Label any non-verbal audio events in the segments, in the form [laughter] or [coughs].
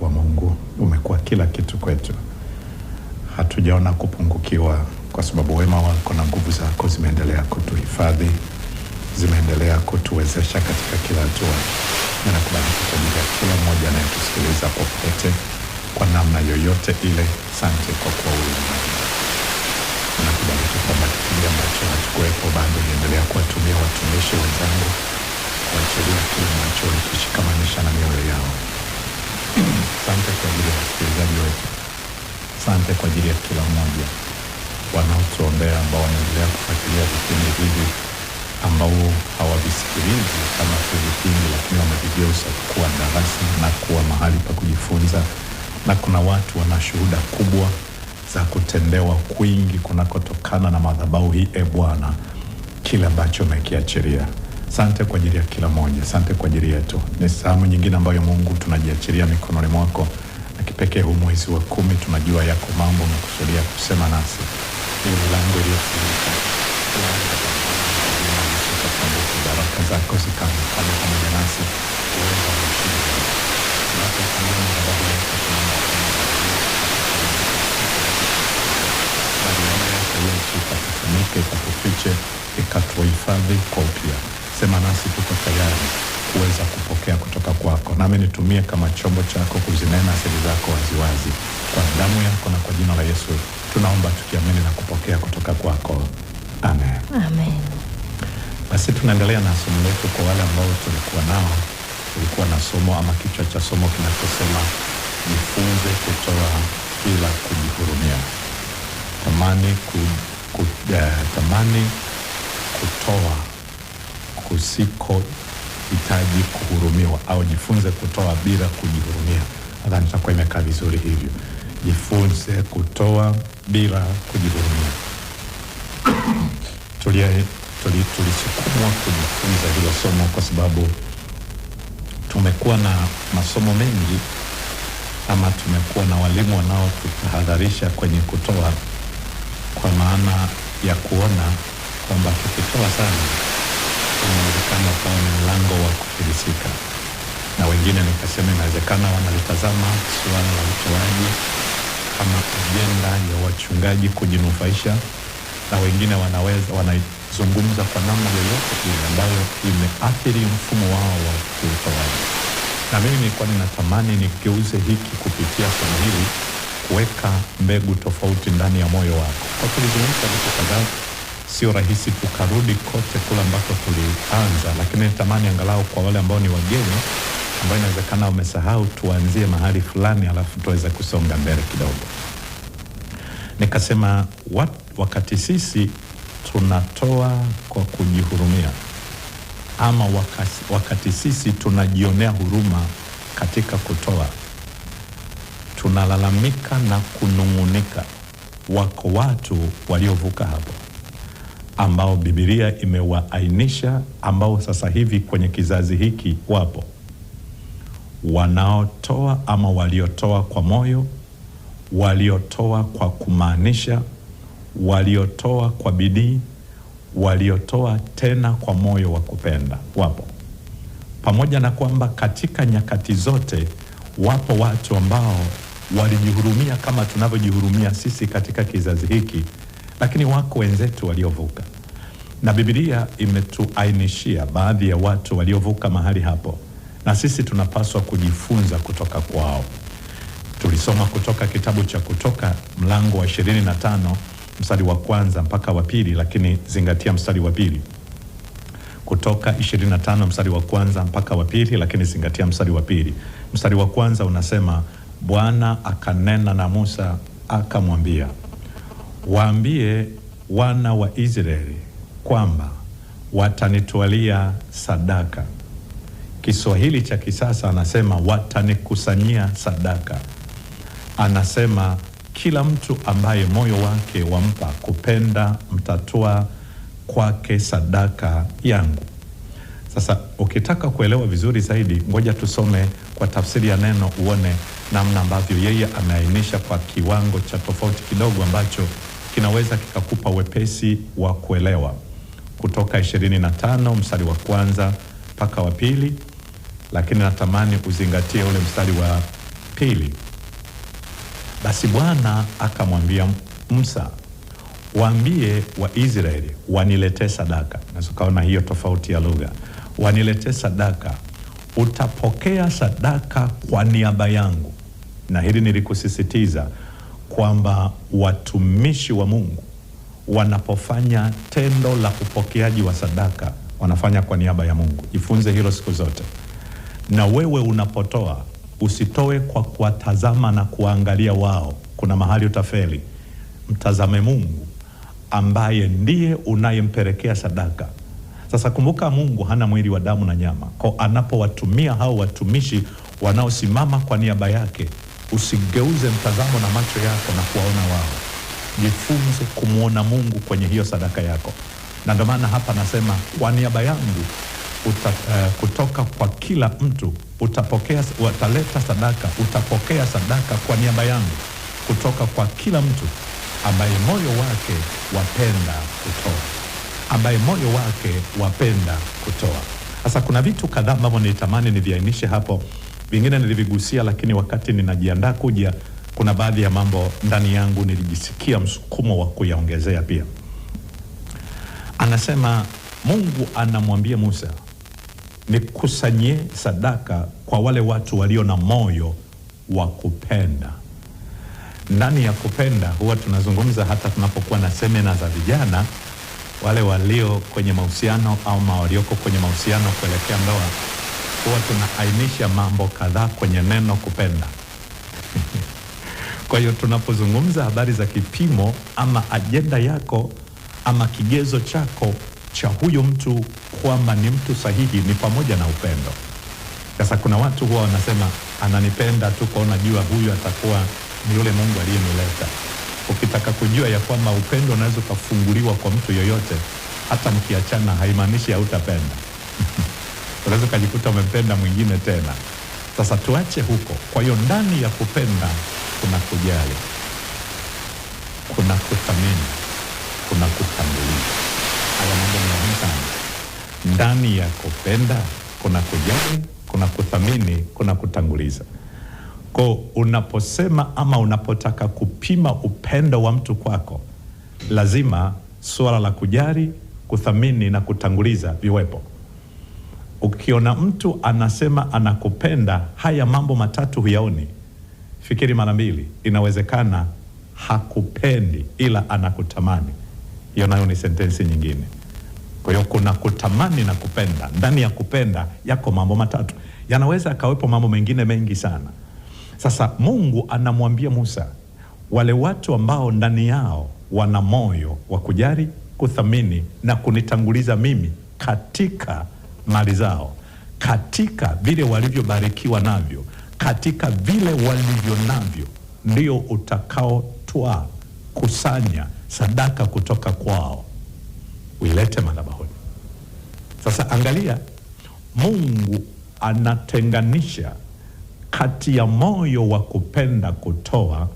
Kwa Mungu umekuwa kila kitu kwetu, hatujaona kupungukiwa, kwa sababu wema wako na nguvu zako zimeendelea kutuhifadhi, zimeendelea kutuwezesha katika kila hatua. Ninakubariki kwa ajili ya kila mmoja anayetusikiliza popote, kwa namna yoyote ile. Asante kwa kuwa ulimwengu. Ninakubariki kwamba kipindi ambacho hatukuwepo bado niendelea kuwatumia watumishi wenzangu, kuachilia kile mnacholikishikamanisha na mioyo yao Asante kwa ajili ya wasikilizaji wetu, asante kwa ajili ya kila mmoja wanaotuombea, ambao wanaendelea kufuatilia vipindi hivi, ambao hawavisikilizi kama tu vipindi, lakini wamevigeuza kuwa darasa na kuwa mahali pa kujifunza, na kuna watu wana shuhuda kubwa za kutendewa kwingi kunakotokana na madhabahu hii. E Bwana, kile ambacho amekiachiria Sante kwa ajili ya kila mmoja, sante kwa ajili yetu. Ni sehemu nyingine ambayo Mungu tunajiachilia mikononi mwako, na kipekee huu mwezi wa kumi tunajua yako mambo umekusudia kusema nasi. Ni milango iliyofunguka, baraka zako zikaonekane pamoja nasi ikakufunike, ikatuhifadhi kwa upya sema nasi tuko tayari kuweza kupokea kutoka kwako, nami nitumie kama chombo chako kuzinena siri zako waziwazi. Kwa damu yako na kwa jina la Yesu tunaomba tukiamini na kupokea kutoka kwako, amen, amen. Basi tunaendelea na somo letu. Kwa wale ambao tulikuwa nao, tulikuwa na somo ama kichwa cha somo kinachosema jifunze kutoa bila kujihurumia. Tamani, ku, ku, eh, tamani kutoa kusikohitaji kuhurumiwa, au jifunze kutoa bila kujihurumia. Nadhani itakuwa imekaa vizuri hivyo, jifunze kutoa bila kujihurumia. [coughs] Tulisukumwa kujifunza hilo somo kwa sababu tumekuwa na masomo mengi ama tumekuwa na walimu wanaotutahadharisha kwenye kutoa, kwa maana ya kuona kwamba tukitoa sana inawezekana ukawa ni mlango wa kufilisika, na wengine nikasema inawezekana wanalitazama suala la utoaji kama ajenda ya wachungaji kujinufaisha, na wengine wanaweza wanazungumza kwa namna yoyote ile ambayo imeathiri mfumo wao wa kiutoaji. Na mimi nilikuwa ninatamani nigeuze hiki kupitia somo hili, kuweka mbegu tofauti ndani ya moyo wako, kwa kulizungumza vitu kadhaa sio rahisi tukarudi kote kule ambako tulianza, lakini nitamani angalau kwa wale ambao ni wageni ambao inawezekana wamesahau, tuanzie mahali fulani, alafu tuweze kusonga mbele kidogo. Nikasema wat, wakati sisi tunatoa kwa kujihurumia ama wakasi, wakati sisi tunajionea huruma katika kutoa, tunalalamika na kunung'unika, wako watu waliovuka hapo ambao Biblia imewaainisha ambao sasa hivi kwenye kizazi hiki wapo wanaotoa ama waliotoa kwa moyo, waliotoa kwa kumaanisha, waliotoa kwa bidii, waliotoa tena kwa moyo wa kupenda wapo. Pamoja na kwamba katika nyakati zote wapo watu ambao walijihurumia kama tunavyojihurumia sisi katika kizazi hiki lakini wako wenzetu waliovuka, na Biblia imetuainishia baadhi ya watu waliovuka mahali hapo, na sisi tunapaswa kujifunza kutoka kwao. Tulisoma kutoka kitabu cha Kutoka mlango wa tano mstari wa kwanza mpaka wa pili, lakini zingatia mstari wa pili. Kutoka 25 mstari wa kwanza mpaka wa pili, lakini zingatia mstari wa pili. Mstari wa kwanza unasema, Bwana akanena na Musa akamwambia waambie wana wa Israeli kwamba watanitwalia sadaka. Kiswahili cha kisasa anasema watanikusanyia sadaka. Anasema kila mtu ambaye moyo wake wampa kupenda, mtatoa kwake sadaka yangu. Sasa ukitaka kuelewa vizuri zaidi, ngoja tusome kwa tafsiri ya neno, uone namna ambavyo yeye ameainisha kwa kiwango cha tofauti kidogo ambacho kinaweza kikakupa wepesi wa kuelewa kutoka 25 mstari wa kwanza mpaka wa pili, lakini natamani uzingatie ule mstari wa pili. Basi Bwana akamwambia Musa, waambie Waisraeli waniletee sadaka. Naweza ukaona hiyo tofauti ya lugha, waniletee sadaka. Utapokea sadaka kwa niaba yangu, na hili nilikusisitiza kwamba watumishi wa Mungu wanapofanya tendo la upokeaji wa sadaka wanafanya kwa niaba ya Mungu. Jifunze hilo siku zote, na wewe unapotoa usitoe kwa kuwatazama na kuwaangalia wao, kuna mahali utafeli. Mtazame Mungu ambaye ndiye unayempelekea sadaka. Sasa kumbuka, Mungu hana mwili wa damu na nyama, kwa anapowatumia hao watumishi wanaosimama kwa niaba yake Usigeuze mtazamo na macho yako na kuwaona wao. Jifunze kumwona Mungu kwenye hiyo sadaka yako, na ndio maana hapa nasema kwa niaba yangu uta, uh, kutoka kwa kila mtu utapokea, wataleta sadaka, utapokea sadaka kwa niaba yangu kutoka kwa kila mtu ambaye moyo wake wapenda kutoa ambaye moyo wake wapenda kutoa. Sasa kuna vitu kadhaa ambavyo nitamani niviainishe hapo vingine nilivigusia, lakini wakati ninajiandaa kuja, kuna baadhi ya mambo ndani yangu nilijisikia msukumo wa kuyaongezea pia. Anasema Mungu anamwambia Musa, nikusanyie sadaka kwa wale watu walio na moyo wa kupenda. Ndani ya kupenda huwa tunazungumza hata tunapokuwa na semina za vijana, wale walio kwenye mahusiano au walioko kwenye mahusiano kuelekea ndoa huwa tunaainisha mambo kadhaa kwenye neno kupenda. [laughs] Kwa hiyo tunapozungumza habari za kipimo ama ajenda yako ama kigezo chako cha huyo mtu kwamba ni mtu sahihi ni pamoja na upendo. Sasa kuna watu huwa wanasema ananipenda tu kwaona jua huyu atakuwa ni yule Mungu aliyenileta. Ukitaka kujua ya kwamba upendo unaweza ukafunguliwa kwa mtu yoyote, hata mkiachana, haimaanishi hautapenda [laughs] unaweza ukajikuta umempenda mwingine tena. Sasa tuache huko. Kwa hiyo ndani ya kupenda kuna kujali, kuna kuthamini, kuna kutambulia. Haya mambo ni muhimu sana. Ndani ya kupenda kuna kujali, kuna kuthamini, kuna kutanguliza. Kwa unaposema ama unapotaka kupima upendo wa mtu kwako, lazima suala la kujali, kuthamini na kutanguliza viwepo. Ukiona mtu anasema anakupenda, haya mambo matatu huyaoni, fikiri mara mbili. Inawezekana hakupendi ila anakutamani. Hiyo nayo ni sentensi nyingine. Kwa hiyo kuna kutamani na kupenda. Ndani ya kupenda yako mambo matatu, yanaweza akawepo mambo mengine mengi sana. Sasa Mungu anamwambia Musa, wale watu ambao ndani yao wana moyo wa kujali, kuthamini na kunitanguliza mimi katika mali zao, katika vile walivyobarikiwa navyo, katika vile walivyo navyo, ndio utakaotwaa kusanya sadaka kutoka kwao uilete madhabahuni. Sasa angalia, Mungu anatenganisha kati ya moyo wa kupenda kutoa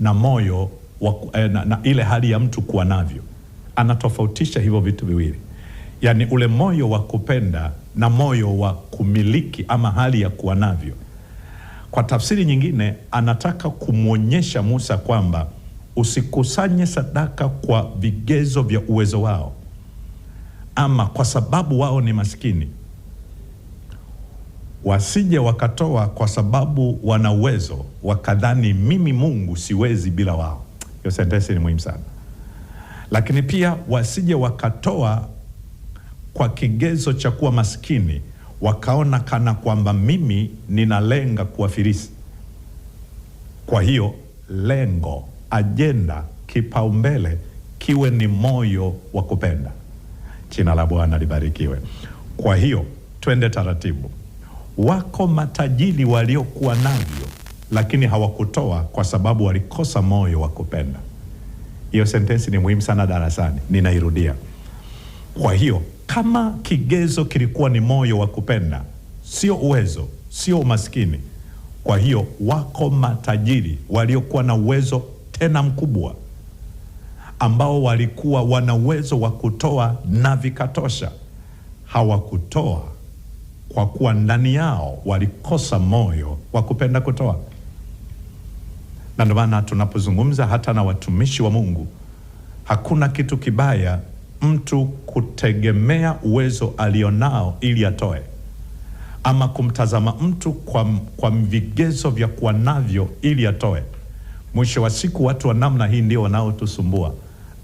na moyo wa, eh, na, na ile hali ya mtu kuwa navyo, anatofautisha hivyo vitu viwili yani ule moyo wa kupenda na moyo wa kumiliki ama hali ya kuwa navyo. Kwa tafsiri nyingine, anataka kumwonyesha Musa kwamba usikusanye sadaka kwa vigezo vya uwezo wao ama kwa sababu wao ni maskini, wasije wakatoa kwa sababu wana uwezo, wakadhani mimi Mungu siwezi bila wao. Hiyo sentensi ni muhimu sana, lakini pia wasije wakatoa kwa kigezo cha kuwa maskini, wakaona kana kwamba mimi ninalenga kuwafilisi. Kwa hiyo lengo, ajenda, kipaumbele kiwe ni moyo wa kupenda. Jina la Bwana libarikiwe. Kwa hiyo twende taratibu. Wako matajiri waliokuwa navyo lakini hawakutoa kwa sababu walikosa moyo wa kupenda. Hiyo sentensi ni muhimu sana darasani, ninairudia. Kwa hiyo kama kigezo kilikuwa ni moyo wa kupenda, sio uwezo, sio umaskini. Kwa hiyo wako matajiri waliokuwa na uwezo tena mkubwa, ambao walikuwa wana uwezo wa kutoa na vikatosha. Hawakutoa kwa kuwa ndani yao walikosa moyo wa kupenda kutoa, na ndio maana tunapozungumza hata na watumishi wa Mungu, hakuna kitu kibaya mtu kutegemea uwezo alionao ili atoe ama kumtazama mtu kwa, kwa vigezo vya kuwa navyo ili atoe. Mwisho wa siku, watu wa namna hii ndio wanaotusumbua.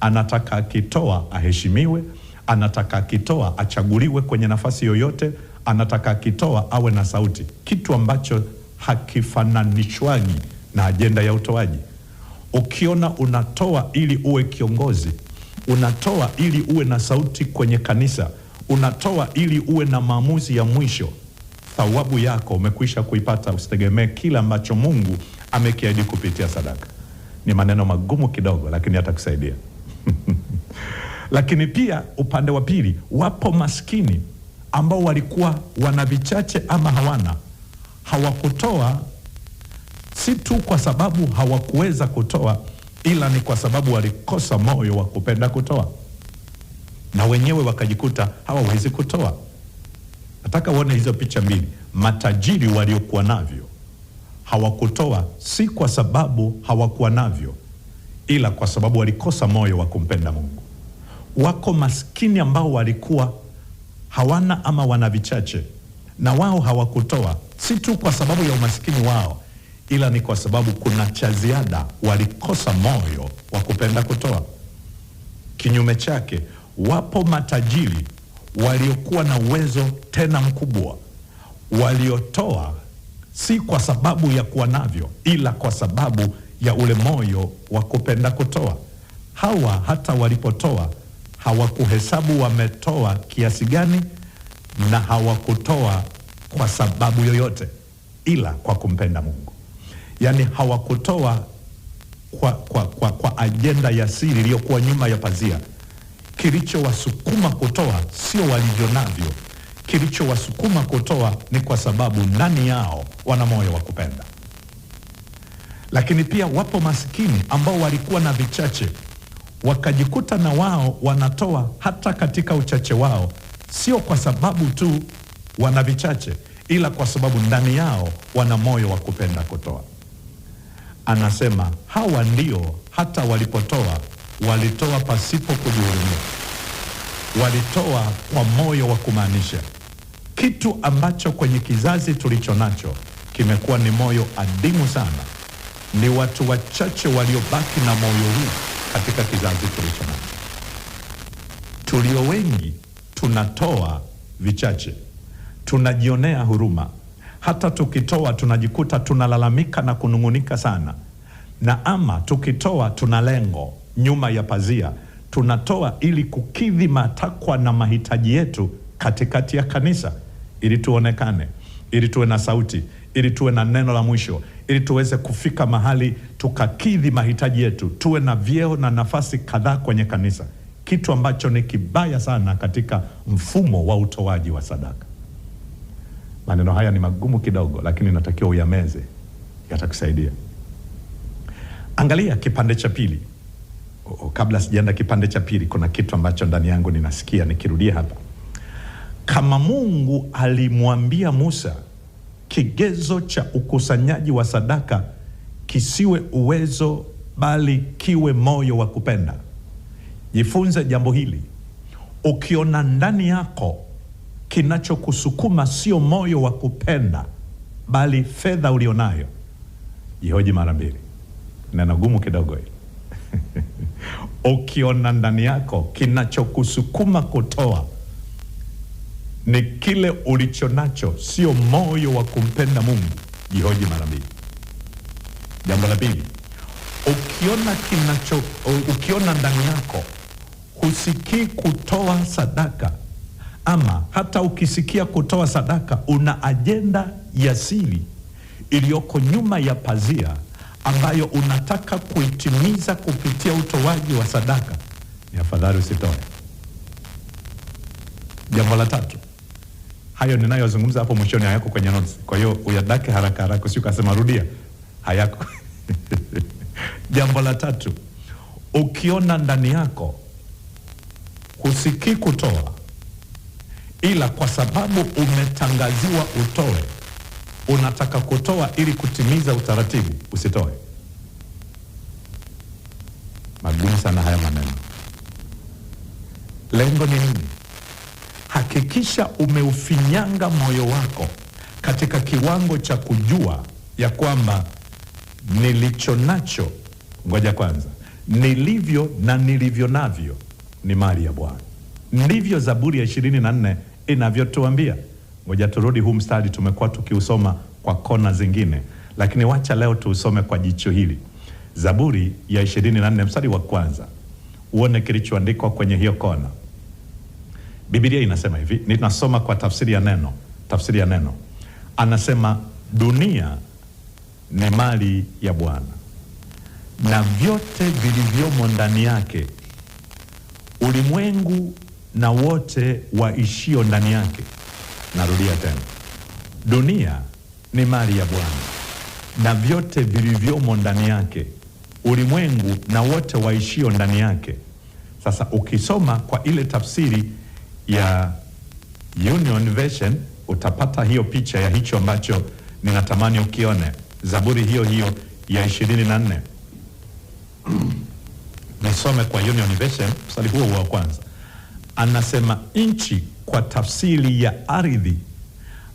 Anataka akitoa aheshimiwe, anataka akitoa achaguliwe kwenye nafasi yoyote, anataka akitoa awe na sauti, kitu ambacho hakifananishwagi na ajenda ya utoaji. Ukiona unatoa ili uwe kiongozi unatoa ili uwe na sauti kwenye kanisa, unatoa ili uwe na maamuzi ya mwisho, thawabu yako umekwisha kuipata. Usitegemee kila ambacho Mungu amekiahidi kupitia sadaka. Ni maneno magumu kidogo, lakini atakusaidia. [laughs] Lakini pia upande wa pili, wapo maskini ambao walikuwa wana vichache ama hawana, hawakutoa si tu kwa sababu hawakuweza kutoa ila ni kwa sababu walikosa moyo wa kupenda kutoa, na wenyewe wakajikuta hawawezi kutoa. Nataka uone hizo picha mbili. Matajiri waliokuwa navyo hawakutoa, si kwa sababu hawakuwa navyo, ila kwa sababu walikosa moyo wa kumpenda Mungu. Wako maskini ambao walikuwa hawana ama wana vichache, na wao hawakutoa, si tu kwa sababu ya umaskini wao ila ni kwa sababu kuna cha ziada, walikosa moyo wa kupenda kutoa. Kinyume chake, wapo matajiri waliokuwa na uwezo tena mkubwa, waliotoa si kwa sababu ya kuwa navyo, ila kwa sababu ya ule moyo wa kupenda kutoa. Hawa hata walipotoa hawakuhesabu wametoa kiasi gani, na hawakutoa kwa sababu yoyote, ila kwa kumpenda Mungu yani hawakutoa kwa, kwa, kwa, kwa ajenda ya siri iliyokuwa nyuma ya pazia. Kilichowasukuma kutoa sio walivyo navyo kilichowasukuma kutoa ni kwa sababu ndani yao wana moyo wa kupenda. Lakini pia wapo masikini ambao walikuwa na vichache wakajikuta na wao wanatoa hata katika uchache wao, sio kwa sababu tu wana vichache, ila kwa sababu ndani yao wana moyo wa kupenda kutoa anasema hawa ndio hata walipotoa walitoa pasipo kujihurumia, walitoa kwa moyo wa kumaanisha, kitu ambacho kwenye kizazi tulicho nacho kimekuwa ni moyo adimu sana. Ni watu wachache waliobaki na moyo huu katika kizazi tulicho nacho. Tulio wengi tunatoa vichache, tunajionea huruma hata tukitoa tunajikuta tunalalamika na kunung'unika sana, na ama tukitoa tuna lengo nyuma ya pazia, tunatoa ili kukidhi matakwa na mahitaji yetu katikati ya kanisa, ili tuonekane, ili tuwe na sauti, ili tuwe na neno la mwisho, ili tuweze kufika mahali tukakidhi mahitaji yetu, tuwe na vyeo na nafasi kadhaa kwenye kanisa, kitu ambacho ni kibaya sana katika mfumo wa utoaji wa sadaka. Maneno haya ni magumu kidogo, lakini natakiwa uyameze, yatakusaidia. Angalia kipande cha pili. Kabla sijaenda kipande cha pili, kuna kitu ambacho ndani yangu ninasikia nikirudia hapa. Kama Mungu alimwambia Musa kigezo cha ukusanyaji wa sadaka kisiwe uwezo, bali kiwe moyo wa kupenda. Jifunze jambo hili, ukiona ndani yako kinachokusukuma sio moyo wa kupenda, bali fedha ulionayo. Jihoji mara mbili. Neno gumu kidogo hili [laughs] ukiona ndani yako kinachokusukuma kutoa ni kile ulicho nacho, sio moyo wa kumpenda Mungu, jihoji mara mbili. Jambo la pili, ukiona kinacho, ukiona ndani yako husikii kutoa sadaka ama hata ukisikia kutoa sadaka, una ajenda ya siri iliyoko nyuma ya pazia ambayo unataka kuitimiza kupitia utoaji wa sadaka, ni afadhali usitoe. Jambo la tatu, hayo ninayozungumza hapo mwishoni hayako kwenye notes, kwa hiyo uyadake haraka haraka, usio kasema rudia, hayako [laughs] jambo la tatu, ukiona ndani yako husikii kutoa ila kwa sababu umetangaziwa utoe, unataka kutoa ili kutimiza utaratibu, usitoe. Magumu sana haya maneno. Lengo ni nini? Hakikisha umeufinyanga moyo wako katika kiwango cha kujua ya kwamba nilicho nacho, ngoja kwanza, nilivyo na nilivyo navyo ni mali ya Bwana. Ndivyo Zaburi ya ishirini na nne inavyotuambia. Ngoja turudi huu mstari, tumekuwa tukiusoma kwa kona zingine, lakini wacha leo tuusome kwa jicho hili. Zaburi ya ishirini na nne mstari wa kwanza, uone kilichoandikwa kwenye hiyo kona. Biblia inasema hivi, ninasoma kwa tafsiri ya neno, tafsiri ya neno anasema, dunia ni mali ya Bwana na vyote vilivyomo ndani yake, ulimwengu na wote waishio ndani yake. Narudia tena, dunia ni mali ya Bwana na vyote vilivyomo ndani yake, ulimwengu na wote waishio ndani yake. Sasa ukisoma kwa ile tafsiri ya Union Version utapata hiyo picha ya hicho ambacho ninatamani ukione. Zaburi hiyo hiyo ya 24 [clears throat] nisome kwa Union Version mstari huo wa kwanza anasema nchi kwa tafsiri ya ardhi,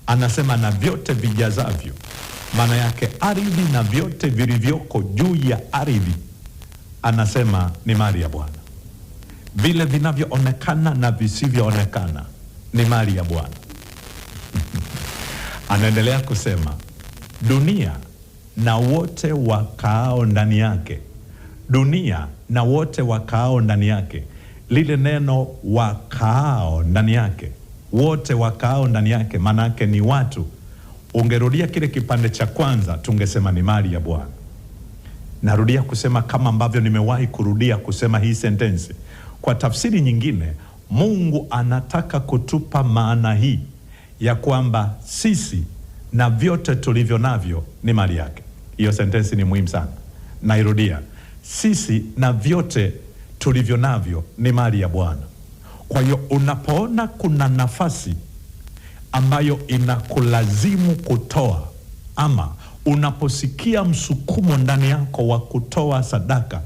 anasema na vyote vijazavyo. Maana yake ardhi na vyote vilivyoko juu ya ardhi, anasema ni mali ya Bwana. Vile vinavyoonekana na visivyoonekana ni mali ya Bwana. [laughs] Anaendelea kusema dunia na wote wakaao ndani yake, dunia na wote wakaao ndani yake lile neno wakaao ndani yake, wote wakaao ndani yake, maana yake ni watu. Ungerudia kile kipande cha kwanza, tungesema ni mali ya Bwana. Narudia kusema kama ambavyo nimewahi kurudia kusema hii sentensi. Kwa tafsiri nyingine, Mungu anataka kutupa maana hii ya kwamba sisi na vyote tulivyo navyo ni mali yake. Hiyo sentensi ni muhimu sana, nairudia, sisi na vyote tulivyo navyo ni mali ya Bwana. Kwa hiyo unapoona kuna nafasi ambayo inakulazimu kutoa ama unaposikia msukumo ndani yako wa kutoa sadaka,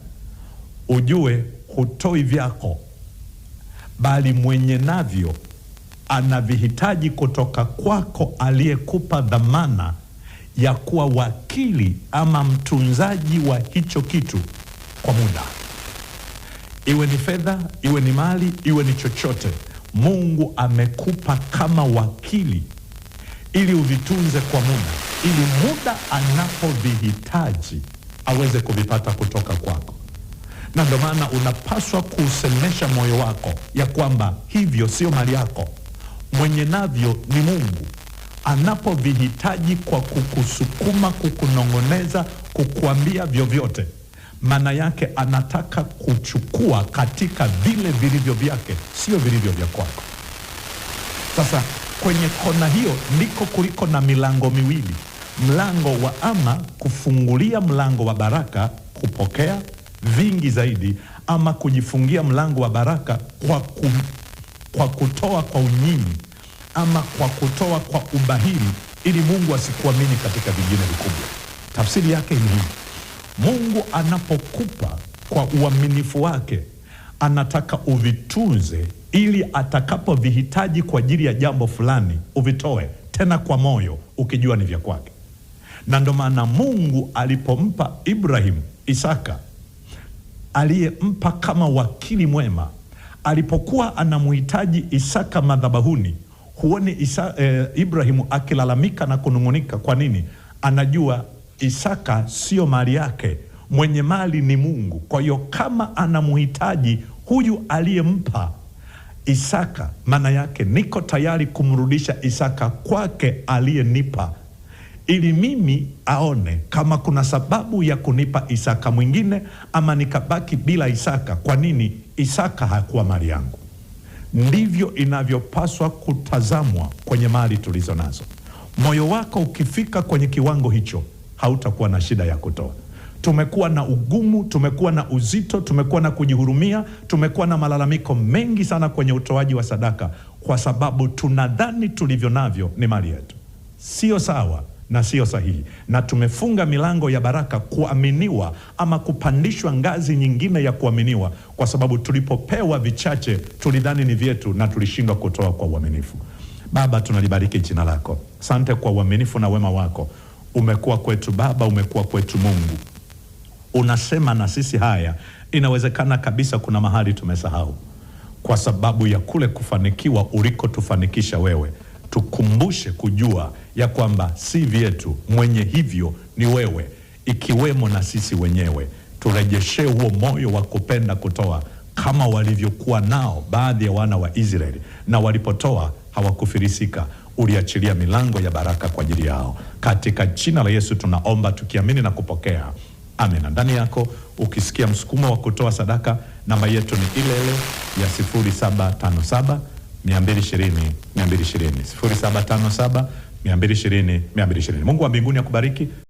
ujue hutoi vyako, bali mwenye navyo anavihitaji kutoka kwako, aliyekupa dhamana ya kuwa wakili ama mtunzaji wa hicho kitu kwa muda iwe ni fedha, iwe ni mali, iwe ni chochote. Mungu amekupa kama wakili ili uvitunze kwa muda, ili muda anapovihitaji aweze kuvipata kutoka kwako, na ndio maana unapaswa kuusemesha moyo wako ya kwamba hivyo sio mali yako, mwenye navyo ni Mungu. Anapovihitaji kwa kukusukuma, kukunong'oneza, kukuambia vyovyote maana yake anataka kuchukua katika vile vilivyo vyake, sio vilivyo vya kwako. Sasa kwenye kona hiyo ndiko kuliko na milango miwili, mlango wa ama kufungulia mlango wa baraka kupokea vingi zaidi, ama kujifungia mlango wa baraka kwa, ku, kwa kutoa kwa unyinyi ama kwa kutoa kwa ubahiri ili Mungu asikuamini katika vingine vikubwa. Tafsiri yake ni hii. Mungu anapokupa kwa uaminifu wake anataka uvitunze ili atakapovihitaji kwa ajili ya jambo fulani uvitoe tena kwa moyo ukijua ni vya kwake. Na ndo maana Mungu alipompa Ibrahimu Isaka aliyempa kama wakili mwema, alipokuwa anamhitaji Isaka madhabahuni, huoni Isa, eh, Ibrahimu akilalamika na kunung'unika. Kwa nini? Anajua Isaka sio mali yake, mwenye mali ni Mungu. Kwa hiyo kama anamhitaji huyu aliyempa Isaka, maana yake niko tayari kumrudisha Isaka kwake aliyenipa, ili mimi aone kama kuna sababu ya kunipa Isaka mwingine ama nikabaki bila Isaka. Kwa nini? Isaka hakuwa mali yangu. Ndivyo inavyopaswa kutazamwa kwenye mali tulizo nazo. Moyo wako ukifika kwenye kiwango hicho hautakuwa na shida ya kutoa. Tumekuwa na ugumu, tumekuwa na uzito, tumekuwa na kujihurumia, tumekuwa na malalamiko mengi sana kwenye utoaji wa sadaka, kwa sababu tunadhani tulivyo navyo ni mali yetu. Sio sawa na sio sahihi, na tumefunga milango ya baraka kuaminiwa ama kupandishwa ngazi nyingine ya kuaminiwa, kwa sababu tulipopewa vichache tulidhani ni vyetu na tulishindwa kutoa kwa uaminifu. Baba, tunalibariki jina lako, sante kwa uaminifu na wema wako umekuwa kwetu Baba, umekuwa kwetu Mungu. Unasema na sisi haya. Inawezekana kabisa kuna mahali tumesahau, kwa sababu ya kule kufanikiwa ulikotufanikisha wewe. Tukumbushe kujua ya kwamba si vyetu, mwenye hivyo ni wewe, ikiwemo na sisi wenyewe. Turejeshee huo moyo wa kupenda kutoa kama walivyokuwa nao baadhi ya wana wa Israeli, na walipotoa hawakufirisika uliachilia milango ya baraka kwa ajili yao. Katika jina la Yesu tunaomba tukiamini na kupokea, amina. Ndani yako ukisikia msukumo wa kutoa sadaka, namba yetu ni ile ile ya 0757 220 0757 Mungu wa mbinguni akubariki.